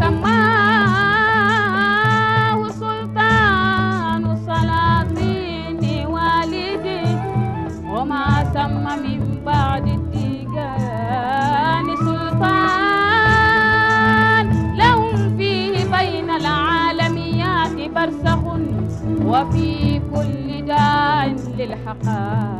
سماه سلطان السلاطين وما سمى من بعد التيجان سلطان لهم فيه بين العالميات وفي كل داع للحقائق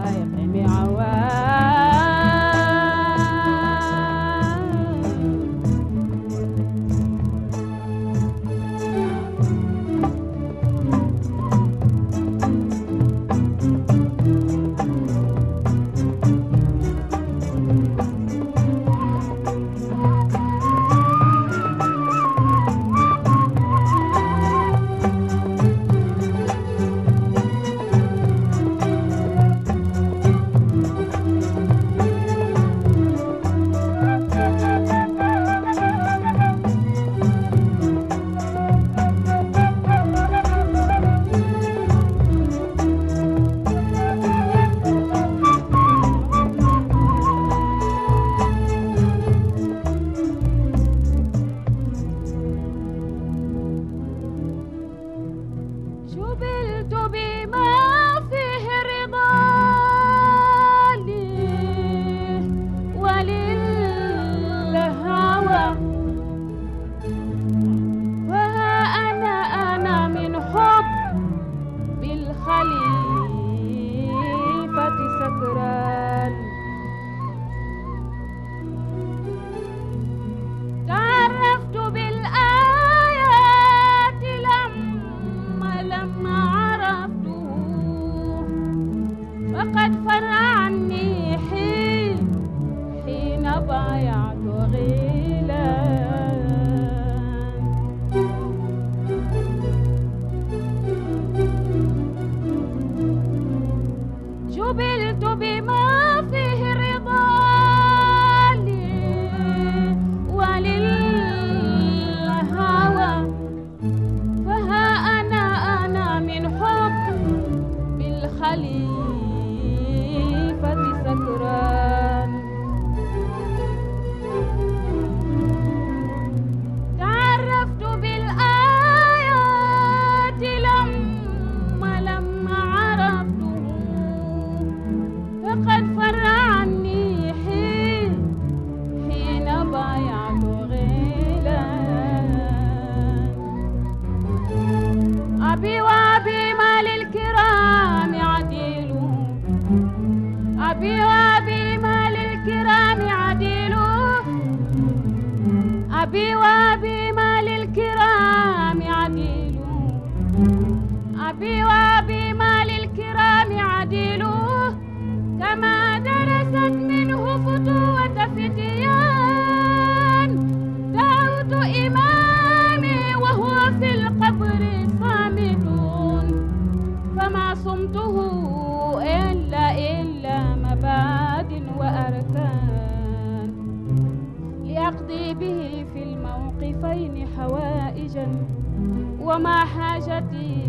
وما حاجتي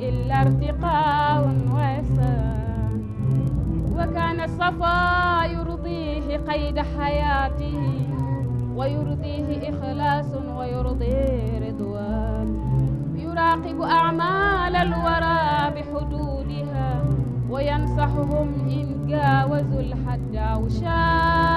إلا ارتقاء وإحسان وكان الصفا يرضيه قيد حياته ويرضيه إخلاص ويرضي رضوان يراقب أعمال الورى بحدودها وينصحهم إن جاوزوا الحد أو شاء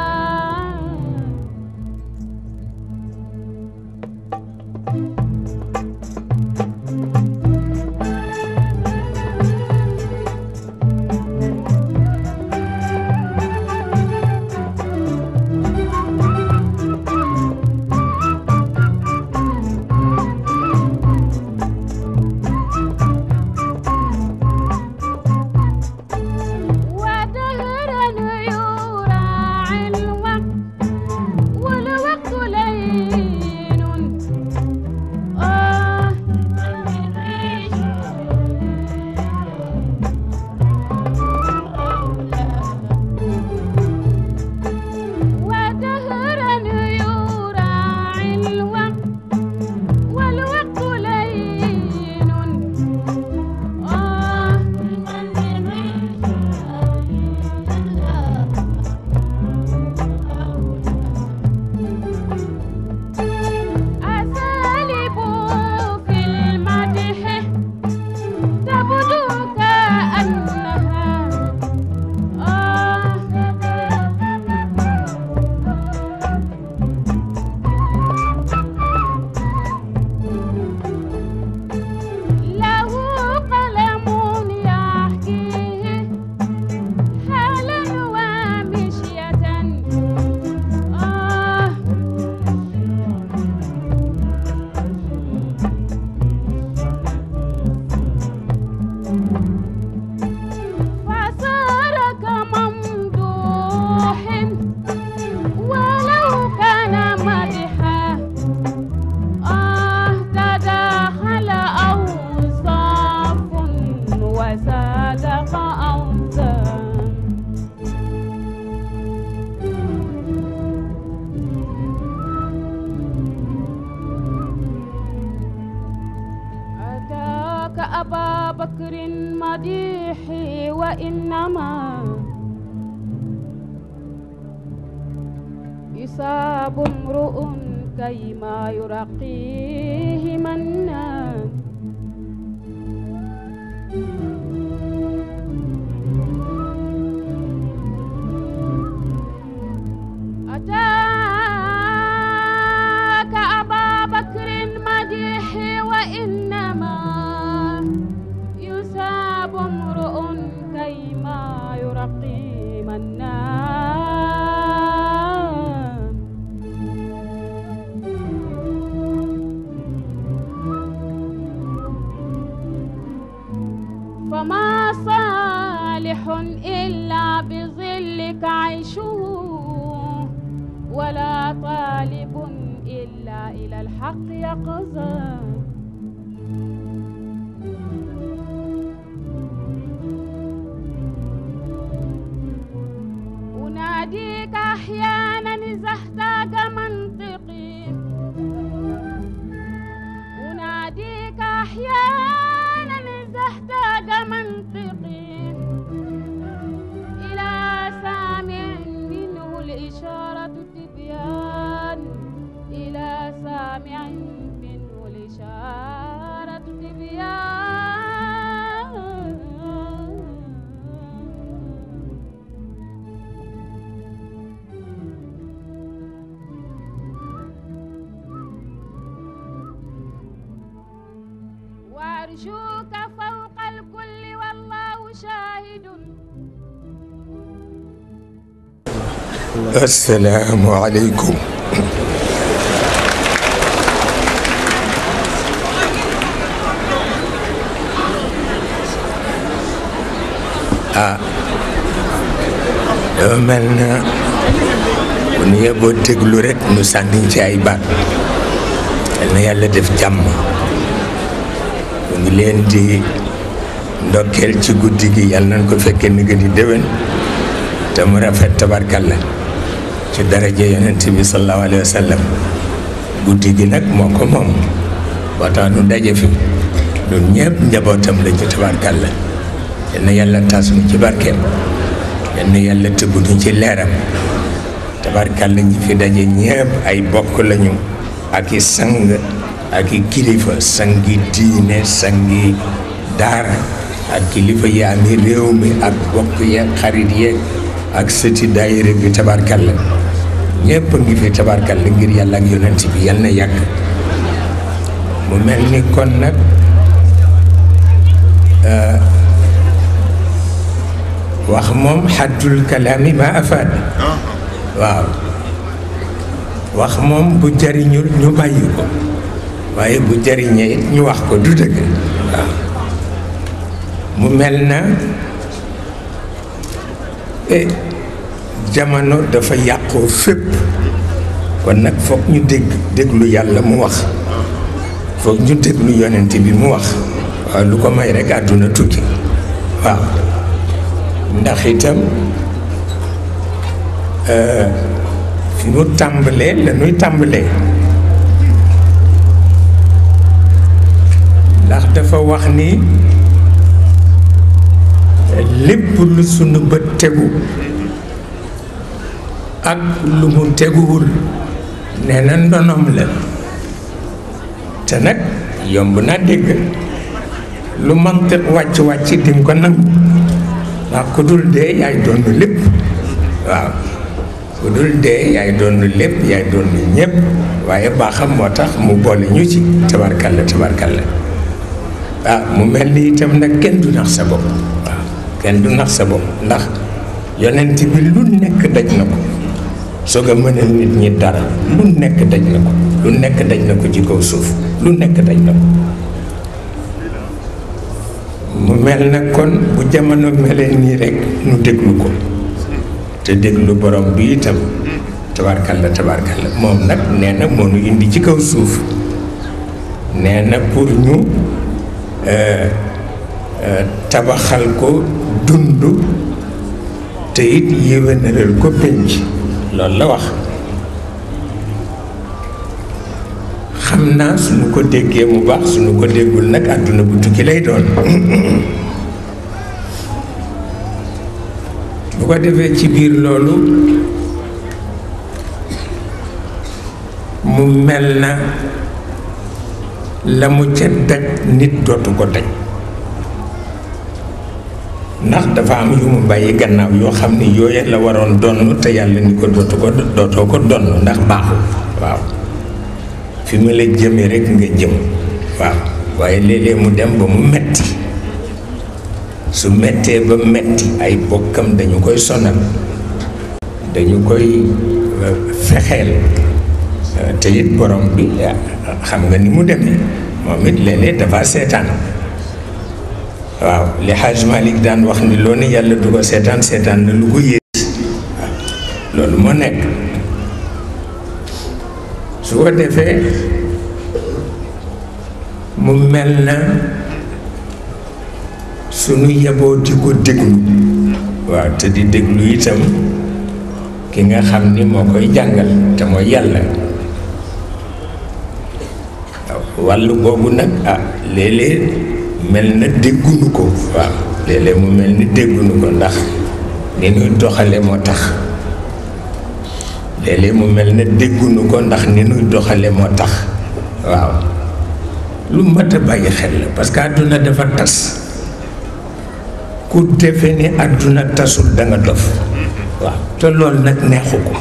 إلا بظلك عيشه ولا طالب إلا إلى الحق يقظه asalaamualeykum ah dafa mel na bu ñu yeboo déglu rekk ñu sànni ci ay baat yal na yàlla def jàmm ñu ngi leen di ndokkeel ci guddi gi yal na ko fekkee ni gën di déwén te mu rafet tabarkalla ci daraja yonent bi sallallahu alayhi wa guddi gi nag moo ko moom moo tax nu daje fi ñun ñëpp njabootam lañu tabarkàlla yenn yàlla tas nu ci barkeem yenn yàlla tëbb nu ci leeram tabarkàlla ñi fi daje ñëpp ay bokk lañu ak i sang ak i kilifa sangi diine sangi daara ak kilifa yi ami réew mi ak bokk yeeg xarit yeeg ak sëti daayira bi tabarkàlla ñëpp ngi fi tabarkal la ngir yàlla ak yonent bi yal na yàgg mu mel ni kon nag euh, wax moom xaddul kalaami ma afaad waaw wax moom bu jariñul ñu bàyyi ko waaye bu jariñee ñu wax ko du dëgg mu mel na eh, jamono dafa yàqoo fépp kon nag foog ñu dégg déglu yàlla mu wax foog ñu déglu yonent bi mu wax waaw lu ko may rek àdduna tukki waaw ndax itam euh, fi mu tàmbalee la tàmbalee ndax dafa wax ni lépp lu sunu bët tegu ak lu mu teguwul nee na ndonoom la te nag yomb naa dégg lu mantiq wàcc wàcc di ko nag ndax ku dul dee yaay doon lépp waaw ku dul dee yaay doon lépp yaay ñëpp waaye baaxam moo tax mu boole ñu ci la tabarkalla tabarkalla ah mu mel ni itam nag kenn du nax sa bopp waaw kenn du nax sa bopp ndax yonent bi lu nekk daj na ko. soo ko mënal nit ñi dara lu nekk daj na ko lu nekk daj na ko ci kaw suuf lu nekk daj na ko mu mel na kon bu jamono melee nii rekk nu déglu ko te déglu borom bi itam tabarkalla tabarkalla moom nag nee na moo nu indi ci kaw suuf nee na pour ñu euh, euh, tabaxal ko dund te it yéwénalal ko penc loolu la wax xam naa suñu ko déggee mu baax suñu ko déggul nag àdduna bu tukki lay doon bu ko defee ci biir loolu mu mel na la mu ca daj nit dootu ko daj ndax dafa am yu mu bàyyi gannaaw yoo xam ni yooye la waroon donn te yàlla ni ko dootu ko dootoo ko donn ndax baaxul waaw fi ma la jëmee rek nga jëm waaw waaye léeg mu dem ba mu metti su mettee ba metti ay bokkam dañu koy sonal dañu koy euh, fexeel euh, te it borom bi euh, xam nga ni mu demee moom it léeg dafa seetaan waaw li Hadj Malick daan wax ni loo ne yàlla du ko seetaan seetaan na lu ko yées loolu moo nekk su ko defee mu mel na sunu yeboo di ko déglu waaw te di déglu itam ki nga xam ni moo koy jàngal te mooy yàlla waaw boobu nag ah léeg-léeg mel na déggunu ko waaw léeg mu mel ni déggunu ko ndax ni nuy doxale moo tax léeg mu mel na déggunu ko ndax ni nuy doxale moo tax waaw lu mat a bàyyi xel la parce que àdduna dafa tas ku defe ni àdduna tasul danga nga dof waaw te loolu nag neexu ko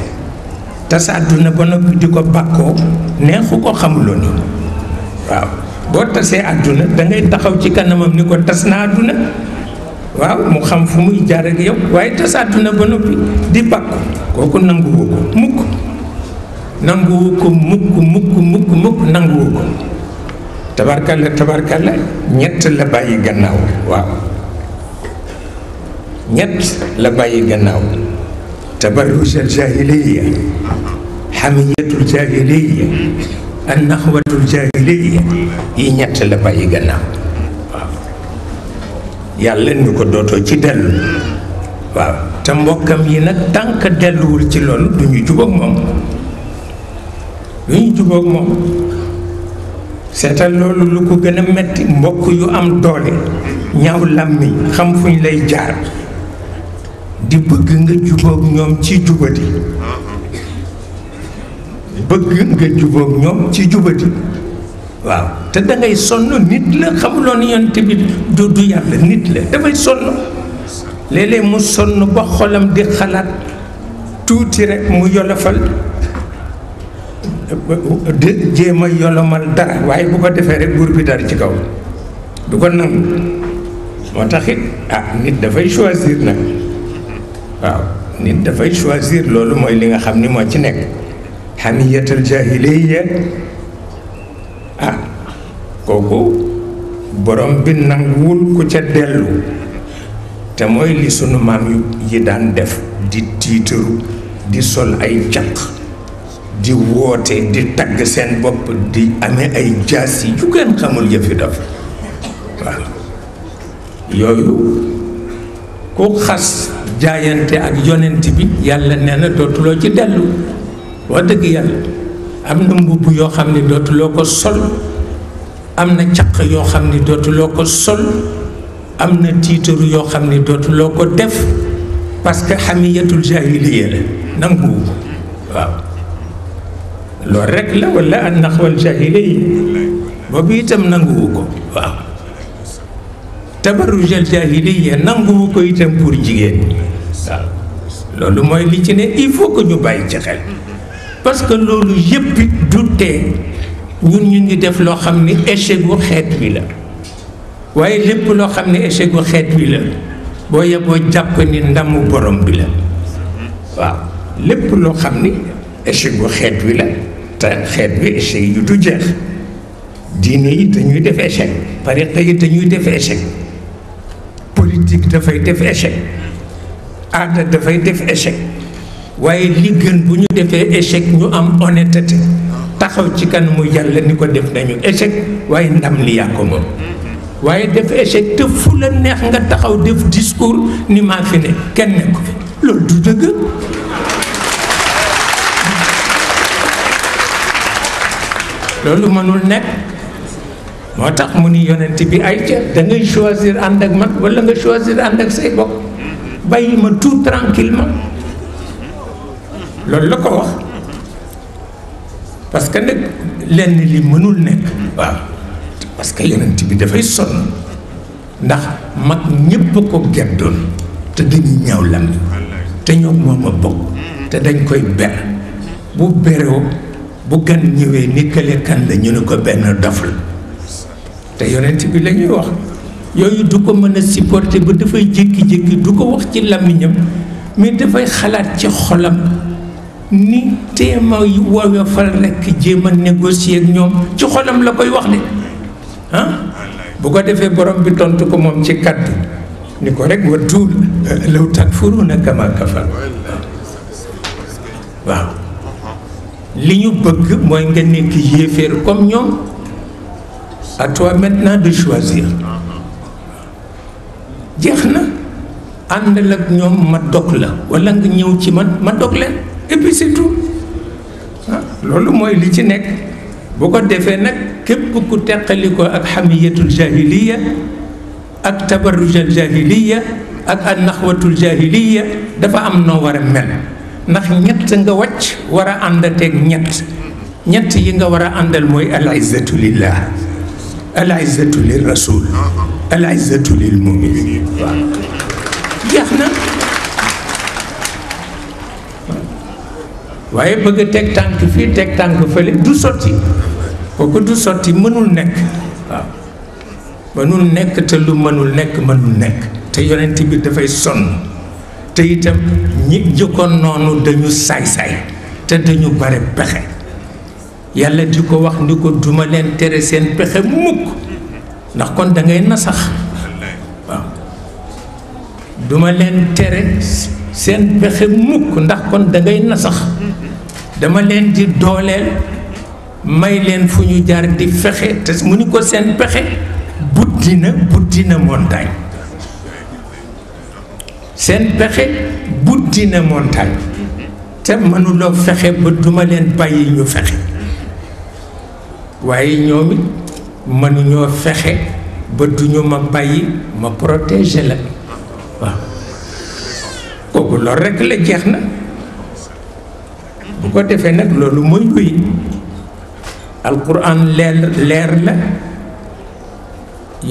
tas àdduna ba noppi di ko bàkkoo neexu ko xamuloo ni waaw boo tasee àdduna da ngay taxaw ci kanamam ni ko tas na àdduna waaw mu xam fu muy jaar ak yow waaye tas àdduna ba noppi di bàkku kooku nanguwu ko mukk nanguwu ko tabarkal mukk mukk mukk ñett la bàyyi gannaaw waaw ñett la bàyyi gannaaw tabarruj al jahiliya xamiyatul jahiliya ak naxwatul jaahiliya yi ñett la bàyyi gannaaw waaw yàlla ñu ko dootoo ci dellu waaw te mbokkam yi nag tànk delluwul ci loolu du ñu jubóog moom du ñu jubóog moom seetal loolu lu ko gën a metti mbokk yu am doole ñaw làmmiñ xam fuñ lay jaar di bëgg nga jubóog ñoom ci jubadi bëgg nga jubóog ñoom ci jubati waaw te da ngay sonn nit la xamuloon yoon tamit du yàlla nit la dafay sonn léeg-léeg mu sonn ba xolam di xalaat tuuti rek mu yolofal di jéem a yolomal dara waaye bu ko defee rek buur bi dara ci kaw du ko nangu moo tax ah nit dafay choisir nag waaw nit dafay choisir loolu mooy li nga xam ni moo ci nekk xamiyatal jahiliya ah kooku borom bi nanguwul ku ca dellu te mooy li sunu maam yi daan def di tiitaru di sol ay caq di woote di tagg seen bopp di amee ay jaas yi ju ngeen xamul yëfi daf waaw yooyu ku xas jaayante ak yonent bi yàlla nee na dootuloo ci dellu wax dëgg yàlla am na mbubb yoo xam ne sol am na caq yoo xam ne sol am na tiitaru yoo xam ne def parce que xamiyatul jahiliya la nangu waaw loolu rek la wala an naqwal jahiliya boobu itam nanguwu ko waaw tabarujal jahiliya nanguwu ko itam pour jigéen waaw loolu mooy li ci ne il faut que ñu ci xel parce que loolu yëpp it du tee ñun ñu ngi def loo xam ni échec gu xeet bi la waaye lépp loo xam ne échec gu xeet bi la boo yeboo jàpp ni ndamu borom bi la waaw lépp loo xam ni échec gu xeet bi la te xeet bi échec yu du jeex diine yi dañuy def échec tariqa yi dañuy def échec politique dafay def échec aada dafay def échec waaye li gën bu ñu defee échec ñu am honnêteté taxaw ci kan mu yàlla ni ko def nañu échec waaye ndam li yaa moom waaye def échec te fu la neex nga taxaw def discours ni maa kenn ne loolu du dëgg loolu mënul nekk moo tax mu ni yonent bi ay ca da ngay choisir ànd ak man wala nga choisir ànd ak say bokk bàyyi ma tout tranquillement loolu la ko wax parce que nag lenn li mënul nekk waaw parce que yonent bi dafay sonn ndax mag ñépp a ko geddoon te dañuy ñaw lam te ñoo moom a bokk te dañ koy ber bu beroo bu gan ñëwee ni kële kan ñu ne ko benn dof la te yonent bi la wax yooyu du ko mën a supporter ba dafay jékki-jékki du ko wax ci làmmiñam mais dafay xalaat ci xolam ni téema woyofal rekk jéem négocier ak ñom ci xolam la koy wax de ah bu ko défé borom bi tontu ko mom ci kat ni ko rek wa law kama kafar waaw li bëgg moy nga nekk yéfer comme ñom à toi maintenant de choisir jeex ak la nga ci ma et puis c'est tout ah moy li ci nek bu ko defé nak kep ku teqaliko ak hamiyatul jahiliya ak tabarrujal jahiliya ak an naxwatul jahiliya dafa am no wara mel ndax ñett nga wàcc wara andate ak ñett ñett yi nga wara àndal moy al izzatu lillah al izzatu lirrasul al izzatu lilmu'minin muminin waaye bëgg teg tànk fii teg tànk fële du sotti kooku du sotti mënul nekk waaw mënul nekk te lu mënul nekk mënul nekk te yonent bi dafay sonn te itam ñi jëkkoon noonu dañu saay-saay te dañu bare pexe yàlla di ko wax ni ko duma leen tere seen pexe mukk ndax kon dangay nasax waaw duma leen tere seen pexe mukk ndax kon da ngay nasax dama leen di dooleel may leen fu ñu jaar di fexe te mu ni ko seen pexe buddi na buddi na montagne seen pexe buddi na montagne te mënuloo fexe ba duma leen bàyyi ñu fexe waaye ñoom it mënuñoo fexe ba duñu ma bàyyi ma protéger la kooku loolu rek la jeex na bu ko defee nag loolu mooy luy alquran leer leer la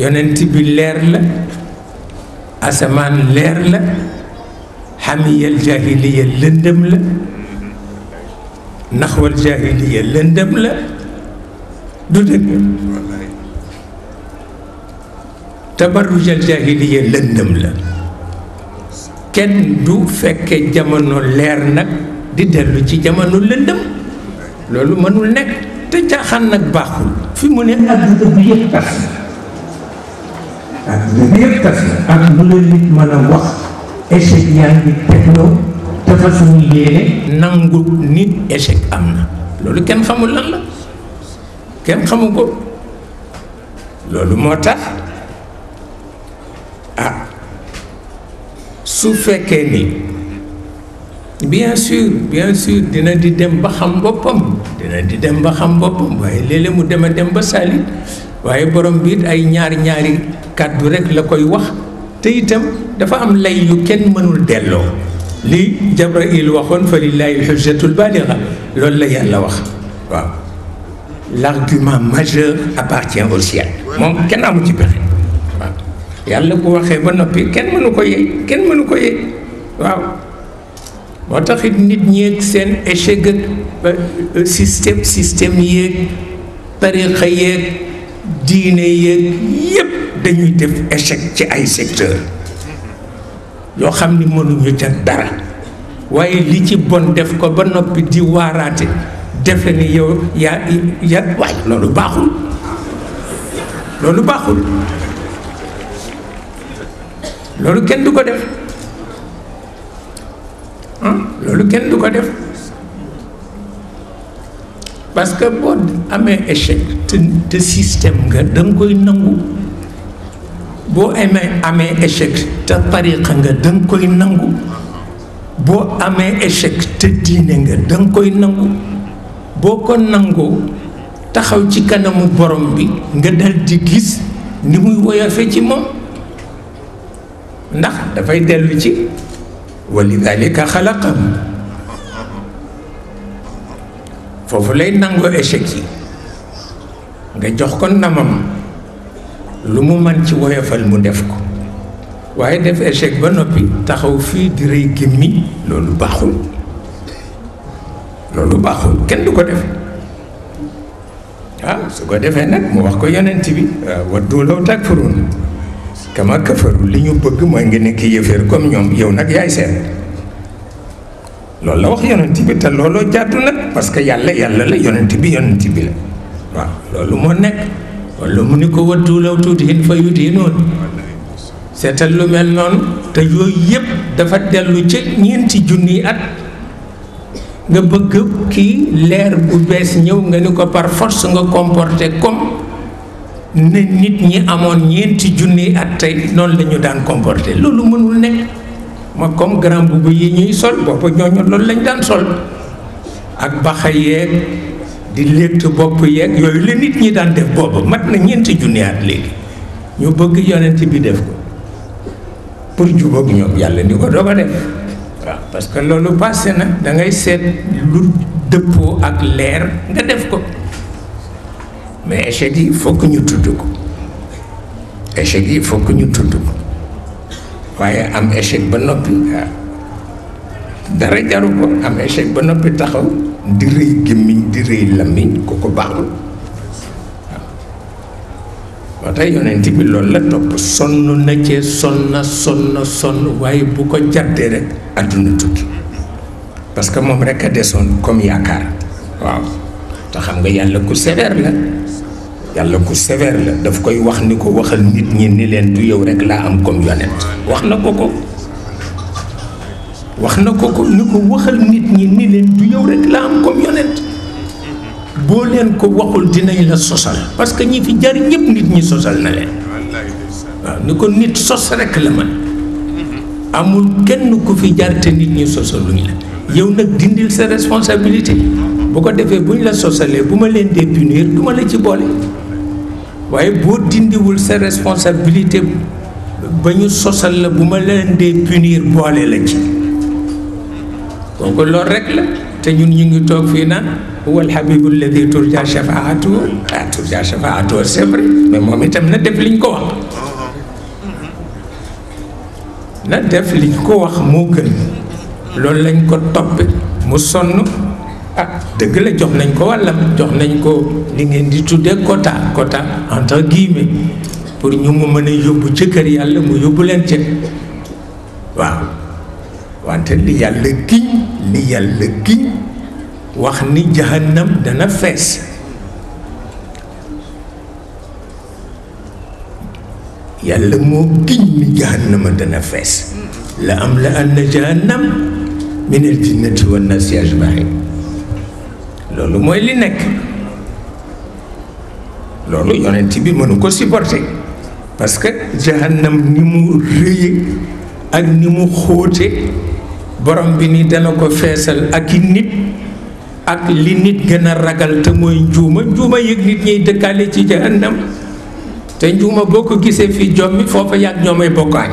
yonent bi leer la asamaan leer la xamiyal jahiliya lëndëm la naxwal jahiliya lëndëm la du dëgg tabarujal jahiliya lëndëm la kenn du fekke jamono leer nag di dellu ci jamono lëndëm loolu mënul nekk te caaxaan nag baaxul fi mu ne àdduna bi yëpp tas àdduna ak lu la nit mën a wax échec yaa ngi tegloo dafa suñu yéene nangu nit échec am na loolu kenn xamul lan la kenn xamu ko loolu moo tax su fekkee bien sûr bien sûr dina di dem ba xam bopam dina di dem ba xam bopam waaye lele mu dem dem ba salit waaye borom biit ay ñaar ñaari kaddu rek la koy wax te itam dafa am lay yu kenn mënul dello li Jabrail waxoon fa lillahi al-hujjatul baaliga lol la yalla wax waaw l'argument majeur appartient au ciel mon kenn amu ci pexe yàlla bu waxee ba noppi kenn mënu ko yëg kenn mënu ko yëg waaw moo taxit nit ñeeg seen échec ak euh, euh, système système yéeg tarixa yéeg diine yéeg yépp dañuy def échec ci ay secteur yoo xam ni mënuñu ca dara waaye li ci bon def ko ba noppi di waaraate defe ni yow yaa ya waay loolu baaxul loolu baaxul loolu kenn du ko def ah loolu kenn du ko def parce que boo amee échec te système nga da koy nangu boo amee amee échec te tariqa nga da nga koy nangu boo amee échec te diine nga da koy nangu boo ko nangoo taxaw ci kanamu borom bi nga dal di gis ni muy woyofe ci moom ndax da fay delu ci walidhalika khalaqam fofu lay nango échec yi nga jox ko namam lu mu man ci woyofal mu def ko waye def échec ba nopi taxaw fi di rëy gémmi loolu baxul loolu baxul kenn du ko def ah su ko defé nak mu wax ko yonent bi waaw wadduu law kama kafaru li ñu bëgg mooy nga nekk yëfër comme ñoom yow nag yaay seet loolu la wax yonent bi te looloo jàddu nag parce que yàlla yàlla la yonent bi yonent bi la waaw loolu moo nekk wala mu ni ko wattu law tuuti hin fa yu di noonu seetal lu mel noonu te yooyu yëpp dafa dellu ci ñeenti junni at nga bëgg kii leer bu bees ñëw nga ni ko par force nga comporté comme ne nit ñi amoon ñeenti junni at tey noonu lañu daan comporté loolu mënul ne ma comme grand boubou yi ñuy sol bopp ñooñu loolu lañ daan sol ak baxa yeeg di létt bopp yeeg yooyu la nit ñi daan def booba mat na ñeenti junni at léegi ñu bëgg yonent bi def ko pour jubóog ñoom yàlla ni ko doog a def waaw parce que loolu passé na dangay ngay seet lu dëppoo ak leer nga def ko mais échec yi il faut que ñu tudd ko échec yi il ñu tudd ko waaye am échec ba noppi ah, dara jaru ko am échec ba noppi taxaw di rëy gémmiñ di rëy làmmiñ ku baaxul waaw moo tax yonent bi loolu la topp sonn na cee sonn sonn sonn waaye bu ko jàddee rek àdduna tukki parce que moom rek a desoon comme yaakaar waaw te xam nga yàlla ku sévère la yàlla ku sévère la daf koy wax ni ko waxal nit ñi ni leen du yow rek laa am comme yonent wax na ko ko wax na ko ko ni ko waxal nit ñi ni leen du yow rek laa am comme yonent boo leen ko waxul dinañ la sosal parce que ñi fi jariñ ñépp nit ñi sosal na leen waaw ni ko nit sos rek la man amul kenn ku fi jar te nit ñi sosaluñ la yow nag dindil sa responsabilité bu ko defee bu ñu la sosalee bu ma leen dee punir du ma la ci boole waaye boo dindiwul sa responsabilité ba ñu sosal la bu ma leen dee punir boole la ci kon ko loolu rek la te ñun ñu ngi toog fii naan wal habibu alladi turja shafaatu ah turja shafaatu c'est vrai mais moom itam na def liñ ko wax na def liñ ko wax moo gën loolu lañ ko toppe mu sonn ah dëgg la jox nañ ko walla jox nañ ko ni ngeen di tuddee quota quota entre guillemets pour ñu mu mën a yóbbu ci kër yàlla mu yóbbu leen ci waaw wante li yàlla giñ li yàlla giñ wax ni jahannam dana fees yàlla moo giñ ni jahannama dana fees la am la anna jahannam min al jinnati wan naasi ajmain loolu mooy li nekk loolu yonent bi mënu ko supporter parce que jahannam ni mu rëye ak ni mu xóote borom bi ni dana ko feesal ak i nit ak li nit gën a ragal te mooy njuuma njuuma yëg nit ñiy dëkkaale ci jahannam te njuuma boo ko gisee fii jommi foofa yàgg ñoomay bokkaañ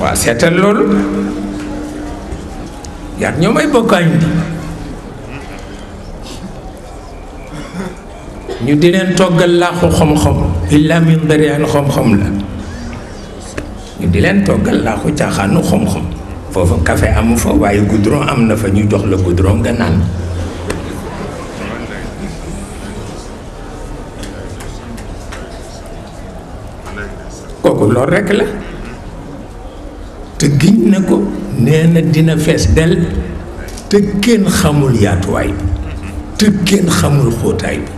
waaw seetal loolu yàgg ñoomay bokkaañ bi ñu di leen toggal laaxu xam-xam illa min darian xam-xam la ñu di leen toggal laaxu caaxaanu xom xam foofu café amu fa waaye goudron am na fa ñu jox la goudron nga naan kooku loolu rekk la te giñ na ko nee dina fees del te kenn xamul yaatuwaay bi te kenn xamul xóotaay bi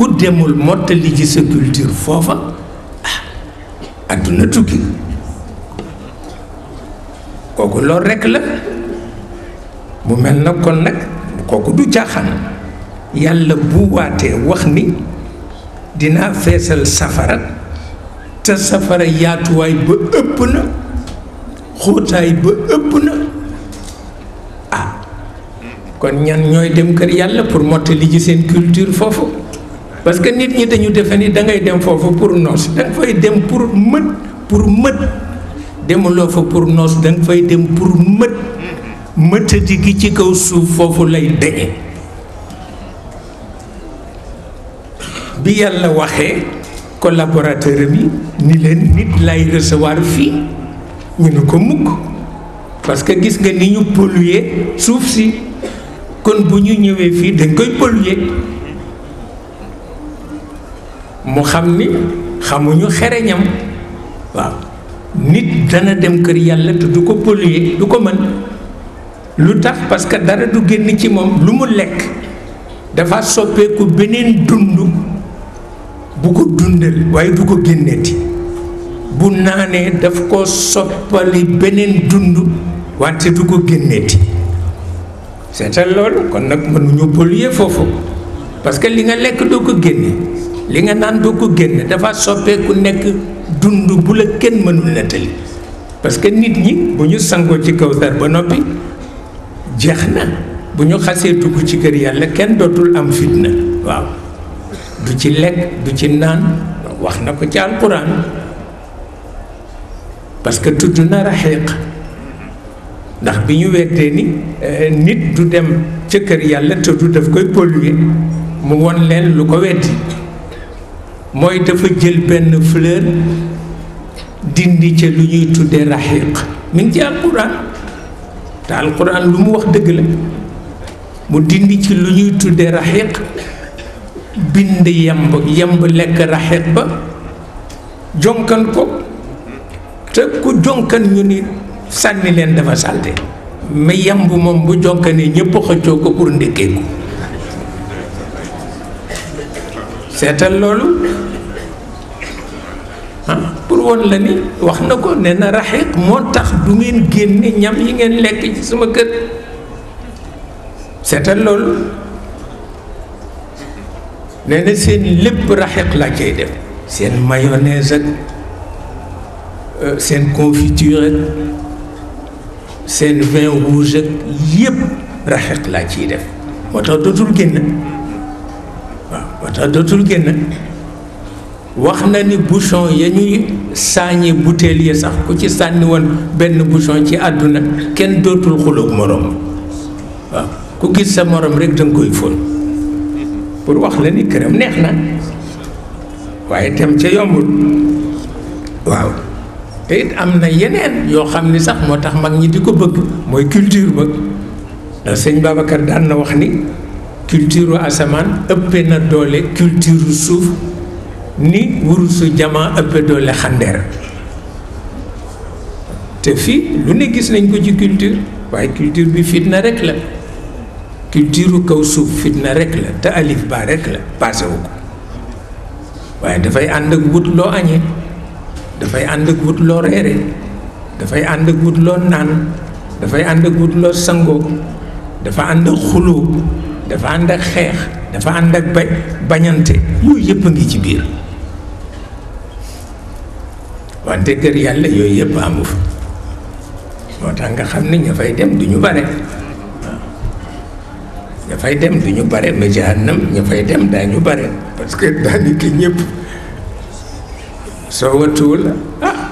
ku demul mottali ci sa culture foofa ah adduna tukki kooku loolu rekk la mu mel na kon nag kooku du caaxaan yàlla bu waatee wax ni dinaa feesal safara te safara yaatuwaay ba ëpp na xóotaay ba ëpp na ah kon ñan ñooy dem kër yàlla pour mottali ci seen culture foofu parce que nit ñi dañu defe ni da ngay dem foofu pour noos da nga fay dem pour mët pour mët demuloo fa pour noos da nga fay dem pour mët mëtadi gi ci kaw suuf foofu lay deñe bi yàlla waxee collaborateur bi ni leen nit lay recevoir fii ñu ni ko mukk parce que gis nga ni ñu polluer suuf si kon bu ñu ñëwee fii dañ koy polluer mu xam ni xamuñu xereñam waaw nit dana dem kër yàlla te dukoman, ko pas du ko mën lu tax parce que dara du génn ci moom lu mu lekk dafa soppeeku beneen dund bu ko dundal waaye du ko génneeti bu naanee daf ko soppali beneen dund wante du ko génneeti seetal kon parce que li nga li nga naan doo ko génn dafa soppeeku nekk dund bu la kenn mënul nettali parce que nit ñi bu ñu sangoo ci kawsar ba noppi jeex na bu ñu xasee dugg ci kër yàlla kenn dootul am fitna waaw du ci lekk du ci naan wax na ko ci alquran parce que tudd na raxiq ndax bi ñu weddee ni eh, nit du dem ca kër yàlla te du daf koy polluer mu won leen lu ko weddi mooy dafa jël benn fleur dindi ca lu ñuy tuddee raxiq mi ngi ci alquran te alquran lu mu wax dëgg la mu dindi ci lu ñuy tuddee raxiq bind yemb yemb lekk raxiq ba jonkan ko te ku jonkan ñu ni sànni leen dafa salte mais yemb moom bu jonkanee ñépp xëccoo ko pour ndékkee ko seetal loolu ah, pour woon la ni wax na ko nee na raxiq moo tax du ngeen génne ñam yi ngeen lekk ci suma kër seetal loolu nee na seen lépp raxiq laa cay def seen mayonnaise ak euh, seen confiture ak seen vin rouge ak yépp raxiq laa ciy def moo tax dootul génn te dootul génn wax na ni bouchon ya ñuy butéel yi sax ku ci sànni woon benn bouchon ci àdduna kenn dootul xuloog moroom waaw ku gis sa moroom rek danga koy fóon pour wax la ni këram neex na waaye tam ca yombul waaw te am na yeneen yoo xam ni sax moo tax mag ñi di ko bëgg mooy culture ba ndax sëñ Babacar daan na wax ni culture asaman, ëppee na doole culture suuf ni wurusu jama ëppee doole xandeer te fi lu ne gis nañ ko ci culture waaye culture bi fitna rek la culture kaw suuf fitna rek la te alif ba rek la passé wu ko waaye dafay ànd ak wut loo añee dafay ànd ak wut loo reere dafay ànd ak wut loo naan dafay ànd ak wut loo dafa ànd ak dafa ànd ak xeex dafa ànd ak ba bañante yooyu yëpp a ngi ci biir wante kër yàlla yooyu yëpp amu fa moo tax nga xam ni ña fay dem du ñu bare ña fay dem du ñu bare mais jahannam ña fay dem daa ñu bare parce que daanaka ñëpp soo watuwul ah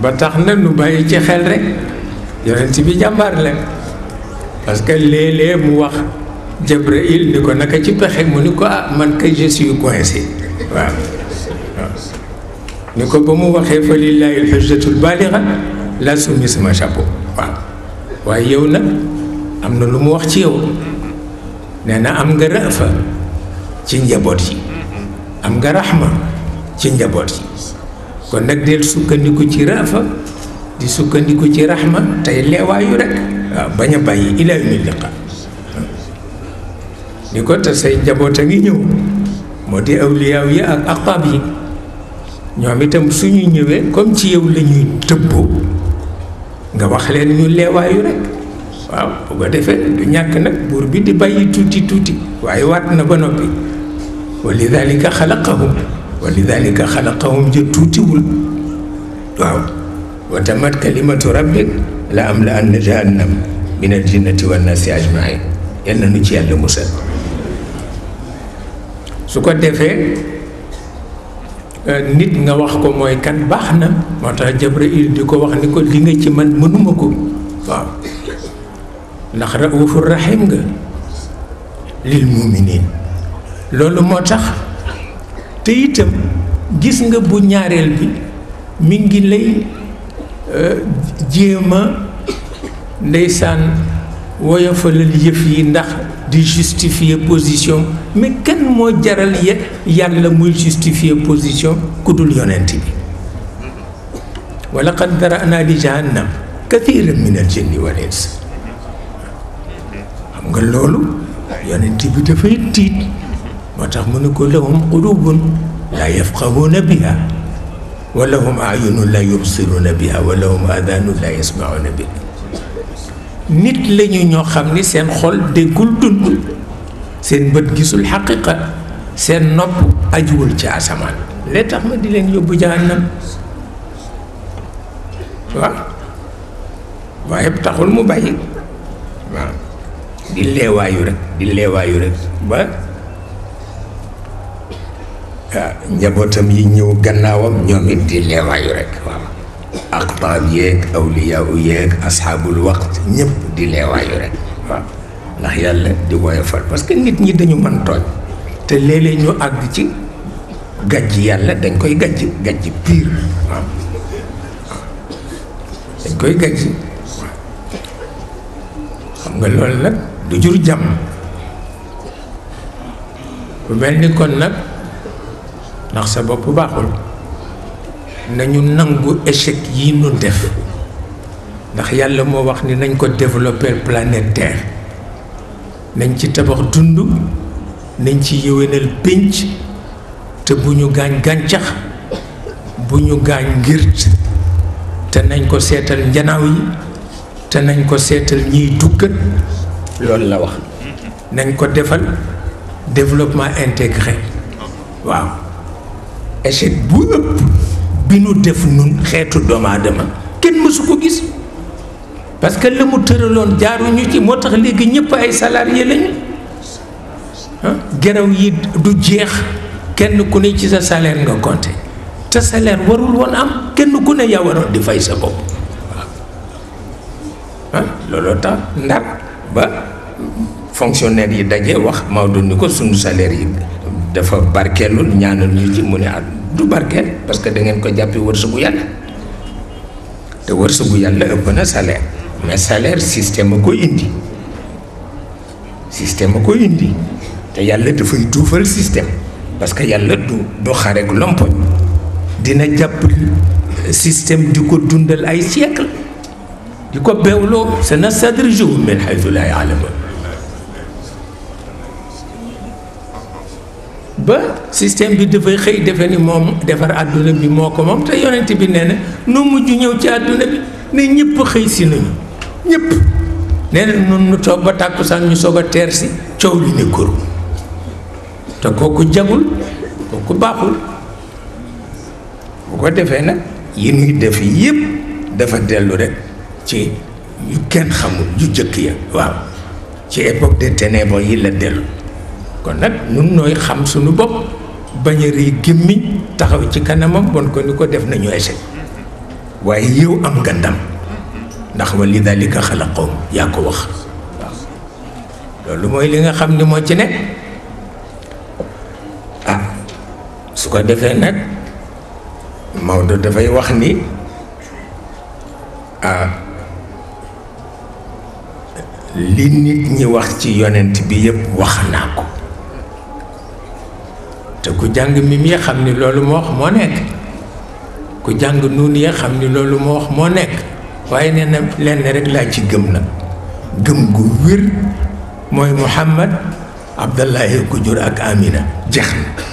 ba tax na lu bàyyi ci xel rek yonent bi jàmbaar la parce que léeg mu wax Jabrail ni ko naka ci pexe mu ni ko ah man kay je suis coincé waaw ni ko ba mu waxee fa lillahi alxujjatul baaliga la summi sama chapeau waaw waaye yow nag am na lu mu wax ci yow nee na am nga rëfa ci njaboot yi am nga raxma ci njaboot yi kon nag del sukkandiku ci raafa di sukkandiku ci raxma tey leewaayu rek waaw bañ a bàyyi ilaa yawmi liqa ni ko te say njaboot a ngi ñëw moo di awliyaaw yi ak aqaab yi ñoom itam suñu ñëwee comme ci yow lañuy ñuy nga wax leen ñu leewaayu rek waaw bu ko defee du ñàkk nag buur bi di bàyyi tuuti tuuti waaye waat na ba noppi wa lidalika xalaqahum ولذلك خلقهم جتوتيول واو وتمت كلمة ربك لأملأن جهنم من الجنة والناس أجمعين yal na nu ci yàlla musal su ko defee nit nga wax ko mooy kan baax na moo tax Jabrail di ko wax ni ko li nga ci man mënuma ko waaw ndax raufur rahim nga lil muminin loolu moo tax te itam gis nga bu ñaareel bi mi ngi lay euh, jéem a ndeysaan woyofalal yëf yi ndax di justifier position mais kan moo jaral yet yàlla muy justifier position ku dul yonent bi wa laqad dara'naa li jahannam kathiran min al jinni xam nga loolu yonent bi dafay tiit وتخ لهم قلوب لا يفقهون بها ولهم اعين لا يبصرون بها ولهم اذان لا يسمعون بها نيت لا ني ньо خامني سين خول دغول دون سين بت غيسول حقيقه سين نوب اجيول تي اسمان لي تخ ما دي لين يوبو جهنم وا وا هب تخول مباي وا دي ليوايو رك دي ليوايو رك با Ah, njabootam yi ñëw gannaawam ñoom it di leewaayu rek waaw aqtaab yeeg awliyaa yeeg asxaabul waqt ñëpp di leewaayu rek waaw ndax yàlla di woyofal parce que nit ñi dañu mën tooñ te léeg-léeg ñu àgg ci gàjj yàlla dañ koy gàjj gàjj piir waaw dañ koy gàjj xam nga lool nag du jur jàmm bu mel ni kon nag ndax sa bopp baaxul nañu nangu échec yi ñu def ndax yàlla moo wax ni nañ ko développer planète Terre nañ ci tabax dund nañ ci yéwénal pinc te bu ñu gaañ gàncax bu ñu gaañ ngirt te nañ ko seetal njanaaw yi te nañ ko seetal ñiy duggat loolu la wax nañ ko defal développement intégré waaw échec bu ëpp bi nu def nun xeetu doomu aadama kenn musuko gis parce que le mu teurelon tëraloon ñu ci motax tax ñepp ay salarié lañu ah, geraw yi du jeex kenn ku ne ci sa salaire nga compté ta salaire warul won am kenn ku ne ya waroon di fay sa bop waaw ah, looloo tax ndar ba fonctionnaire yi dajé wax Maodo ni ko sunu salaire yi dafa barkeelul ñaanal ñu ci mu ne ah du barkeel parce que da ngeen ko jàppi wërsëgu yàlla te wërsëgu yàlla ëpp na salaire mais salaire système a ko indi système a indi te yàlla dafay duufal système parce que yàlla du du xareek lompoñ dina jàpp système di ko dundal ay siècle di ko beewloo sa na sadri jour min haytu la ba système bi dafay xëy defe ni moom defar àdduna bi moo ko moom te yonent bi nee na nu mujj ñëw ci àdduna bi ne ñëpp xëy si nañu ñëpp nee na nu toog ba tàkku tàkkusaan ñu soog a teer si coow lu ne kuru te kooku jagul kooku baaxul bu ko defee nag yi ñuy def yëpp dafa dellu rek ci yu kenn xamul yu jëkk ya waaw ci époque des ténèbres yi la dellu kon nag nun nooy xam suñu bopp bañ gémmiñ taxaw ci kanamam bon ko ni ko def nañu échec waaye yow am nga ndam ndax wa li dalika xalaqoom yaa ko wax waaw loolu mooy li nga xam ni moo ci nekk ah su ko defee nag Maodo dafay wax ni ah li nit ñi wax ci yonent bi yëpp wax naa ko te ku jàng mim ya xam ni loolu moo wax moo nekk ku jàng nuun ya xam ni loolu moo wax moo nekk waaye nee na lenn rek laa ci gëm nag gëm gu wér mooy Muhammad Abdallahi ku jur ak Amina jeex na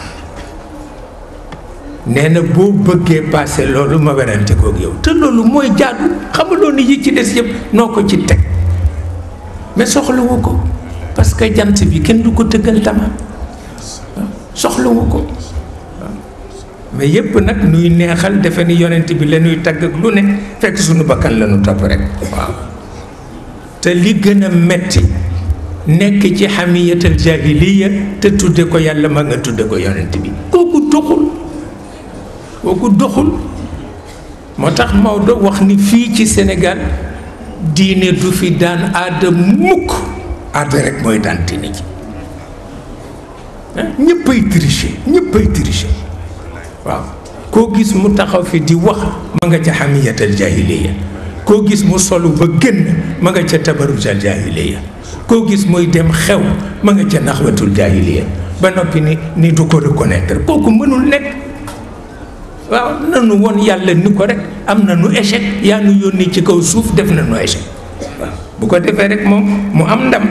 nee na boo bëggee passé loolu ma werante koog yow te loolu mooy jaadu xamaloo ni yi ci des yëpp noo ko ci teg mais soxlawu ko parce que jant bi kenn du ko tëggal tama soxlawu ko mais yépp nag nuy neexal defe ni yonent bi lanuy ñuy tagg ak lu ne fekk suñu bakkan la ñu topp rek waaw te li gën a metti nekk ci xamiyatal jahiliya te tudde ko yàlla ma nga tudde ko yonent bi kooku doxul kooku doxul moo tax Maodo wax ni fii ci senegal diine du fi daan aada mukk aada rek mooy daan diine ji ñëpp ay tricher ñëpp ay waaw koo gis mu taxaw fi di wax ma nga ca xamiyatal jahiliya koo gis mu solu ba génn ma nga ca tabarutal jahiliya koo gis muy dem xew ma nga ca naxwatul jahiliya ba noppi ni ni du ko reconnaître kooku mënul nekk waaw nanu woon yàlla ni ko rek am na nu échec yaa nu yónni ci kaw suuf def na nu échec waaw bu ko defee rek moom mu am ndam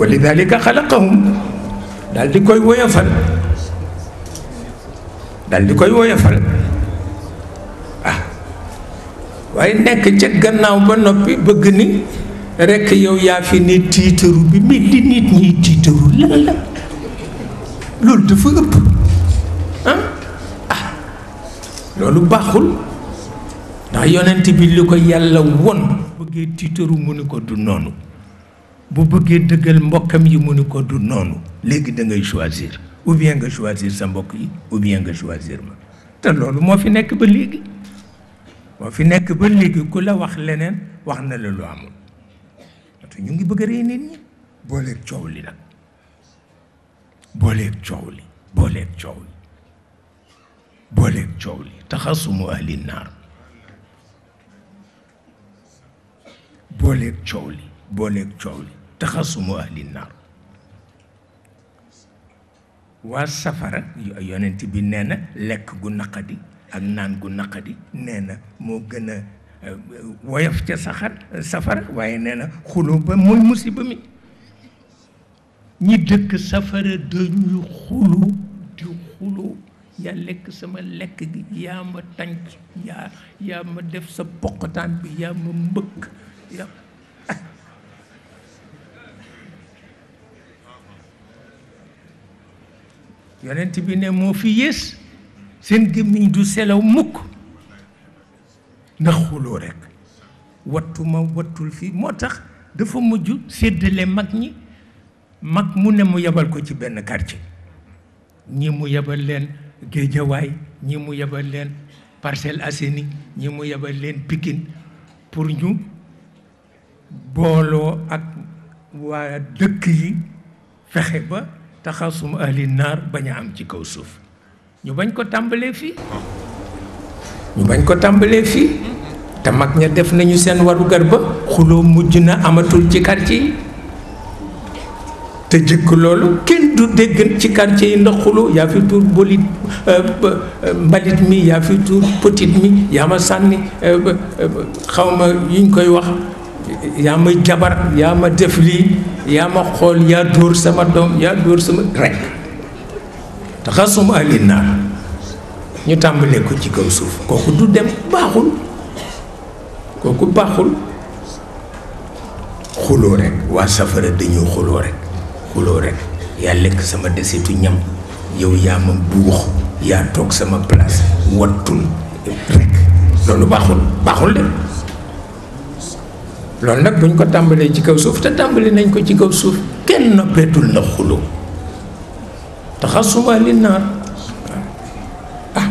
wa lidalika xalaqahum dal di koy woyofal dal di koy woyofal ah waaye nekk ca gannaaw ba noppi bëgg ni rekk yow yaa fi tiitaru bi mais li nit ñiy tiitaru loolu dafa ëpp ah. ah loolu baaxul ndax yonent bi li ko yàlla won bu bëggee tiitaru mu ni ko du noonu bu bëggee dëggal mbokkam yi mu ni ko du noonu léegi da ngay choisir ou bien nga choisir sa mbokk yi ou bien nga choisir ma te loolu moo fi nekk ba léegi moo fi nekk ba léegi ku la wax leneen wax na la lu amul te ñu ngi bëgg a rey nit ñi booleeg coow li nag booleeg coow li booleeg coow li booleeg coow li taxasumu ahli naar booleeg coow li booleeg coow li taxasumu ahli naar waa safara yonent bi nee na lekk gu naqadi ak naan gu naqadi nee na moo gën a euh, woyof ca saxar waaye nee na xuloo ba mooy musiba mi ñi dëkk safara dañuy xulu di xulu yaa lekk sama lekk gi yaa ma tànc yaa yaa ma def sa poqtaan bi yaa ma mbëkk yonent bi ne moo fi yées seen gémmiñ du selaw mukk ndax xuloo rekk wattu ma wattul fii moo tax dafa mujj séddale mag ñi mag mu ne mu yebal ko ci benn quartier ñi mu yebal leen géejawaay ñi mu yebal leen parcel Assainies ñi mu yebal leen Pikine pour ñu booloo ak waa dëkk yi fexe ba taxasum ahli naar bañ a am ci kaw suuf ñu bañ ko tàmbalee fii ñu bañ ko tàmbalee fii te mag ña def nañu seen warugar ba xuloo mujj na amatul ci quartier yi te jëkk loolu kenn du dégg ci quartier yi ndax xuloo yaa fi tuur bolit euh, euh, mbalit mi yaa fi tuur petit mi yaa ma sànni euh, xaw ma yuñ koy wax yaa ma jabar yaa ma def lii yaa ma xool yaa dóor sama doom yaa dóor sama rek taxasum alin naar ñu tàmbalee ko ci kaw suuf kooku du dem baaxul kooku baaxul xuloo rekk waa safara dañuy xuloo rekk xuloo rekk yaa lekk sama desitu ñam yow yaa ma buux yaa toog sama place wattul rek loolu baaxul baaxul de Lolak nag buñ ko tàmbalee ci kaw suuf te tàmbali nañ ko ci kaw suuf kenn na xulu taxasuma li naar ah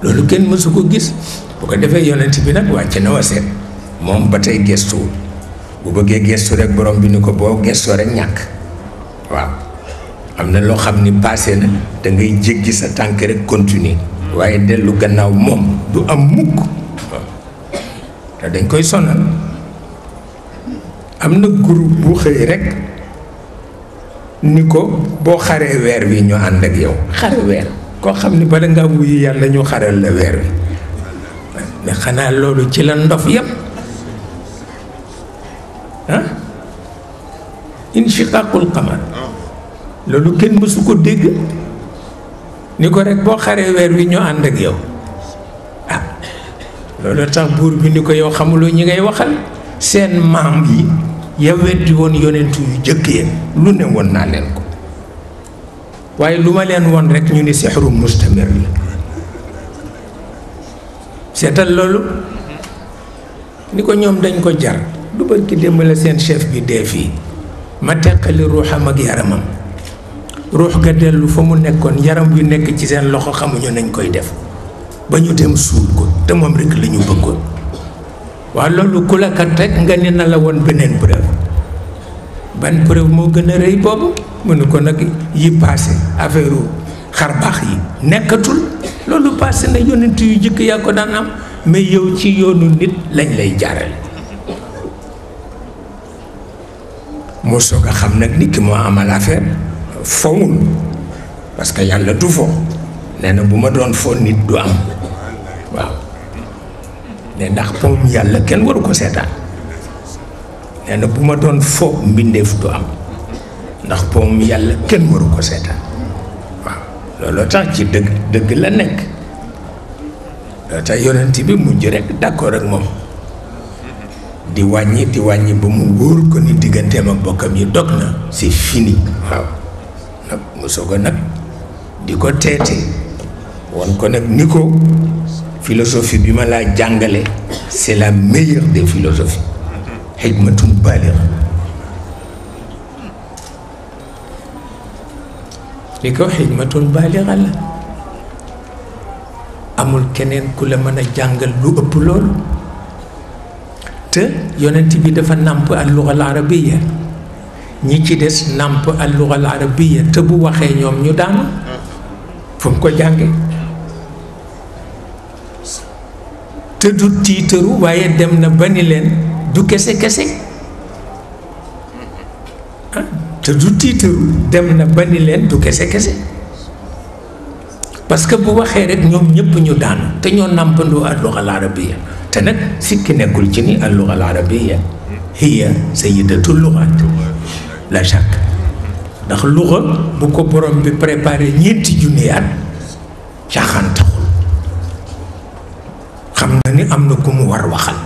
loolu kenn mësu ko gis bu ko defee yonent bi nag wàcc na waseet moom ba tey gestuwul bu bëggee gestu rek borom bi ni ko boo gestoo rek ñàkk waaw am na loo passé na da ngay jéggi sa rek continuer gannaaw du am mukk dañ koy sonal am na groupe bu xëy rekk ni ko boo xaree weer wi ñu ànd ak yow xare weer koo xam ni bala ngaa wuyu yàlla ñu xaral la weer wi mais xanaa loolu ci la ndof yépp ah inshiqaqul qamar loolu kenn mësu ko dégg ni ko rekk boo xare weer wi ñu ànd ak yow loolu tax bur bi ni ko yow xamuloo ñi ngay waxal seen maam yi ya weddi woon yonentu yu jëkk yeen ya, lu ne woon naa leen ko waaye lu ma leen rek ñu ni sixru mustamir la seetal ni ko ñoom dañ ko jar du barki démb seen chef bi dee fii ma teqali ruuxam ak yaramam ruux ga mu yaram yu nekk ci seen loxo xamuñu nañ koy def ba ñu dem suul ko te moom rek li ñu bëggoon waaw loolu ku la ka teg nga ne na la woon beneen preuve ban preuve moo gën a rëy boobu mënu ko nag yi passé affaire xar baax yi nekkatul loolu passé na yonent yu jëkk yaa ko daan am mais yow ci yoonu nit lañ lay jaarale moo soog a xam nag nit ki moo amal affaire fowul parce que yàlla du fo nee na bu ma doon foo nit du am waaw ne ndax pom yàlla kenn waru ko seetaan nee bu ma doon foo mbindeef du am ndax pom yàlla kenn waru ko seetaan waaw looloo tax ci dëgg dëgg la nekk looloo tax yonent bi mujj rekk d'accord ak moom di wàññi di wàññi ba mu wóor ko ni digganteem ak bokkam yi dog na c'est fini waaw nag mu soog a nag di ko teete On connaît Nico, philosophie du mal à c'est la meilleure des philosophies xikmatun baaliga li amul kenen ku la mën jàngal lu ëpp loolu te yonent bi dafa namp al-lugha al ñi ci des namp al-lugha al-arabiyya te bu waxee ñoom ñu ko te du tiitaru waaye dem na ba ni leen du kese kese ah, te du tiitaru dem na ba ni leen du kese kese parce que bu waxee rek ñoom ñëpp ñu daanu te ñoo nàmpandoo al luga al arabiya te nag sikki nekkul ci ni al luga al arabiya hiya sayyidatu lugat la chàkk ndax luga bu ko borom bi préparé ñeenti junni at caaxaan taxu xam na ni am na ku mu war waxal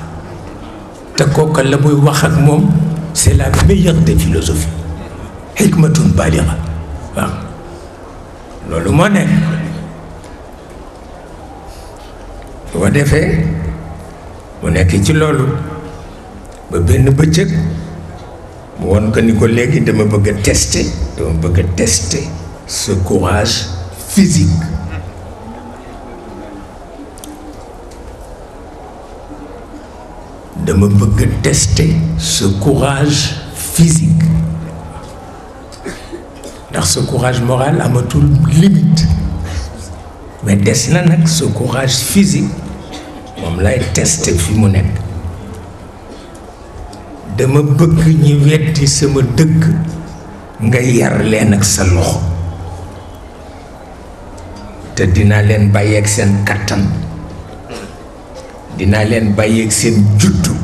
te kooka la muy wax ak moom c'est la meilleure des philosophies xikmatun baliga waaw loolu moo nekk boo defee mu nekk ci loolu ba benn bëccëg mu woon ko ni ko léegi dama bëgg a dama bëgg a ce courage physique De bëgg tester ce courage physique ndax ce courage moral amatul limite mais dès na ce courage physique moom lay testé. fi mu nekk dama bëgg ñi wetti sama dëkk nga yar leen ak sa loxo te dinaa leen bàyyeeg seen katan. dinaa leen bàyyeeg seen juddu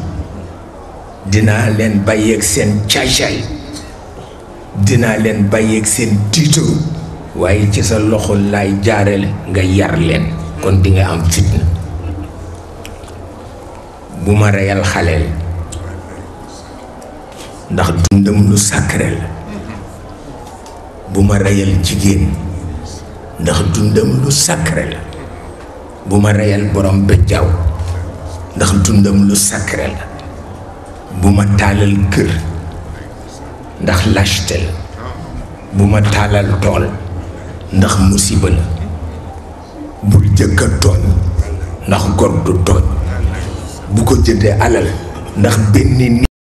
dinaa leen bàyyeeg seen caacaay dinaa leen bàyyeeg seen tiito waaye ci sa loxo laay jaarale nga yar leen kon di nga am fitna bu ma reyal xaleel ndax dundam lu sacré la bu ma reyal jigéen ndax dundam lu sacré la bu ma reyal borom bëjjaaw ndax dundam lu sacré la bu ma taalal kër ndax lâcheté bu ma taalal tool ndax musiba la bul jëkk a tooñ ndax gor du tooñ bu ko jëndee alal ndax benn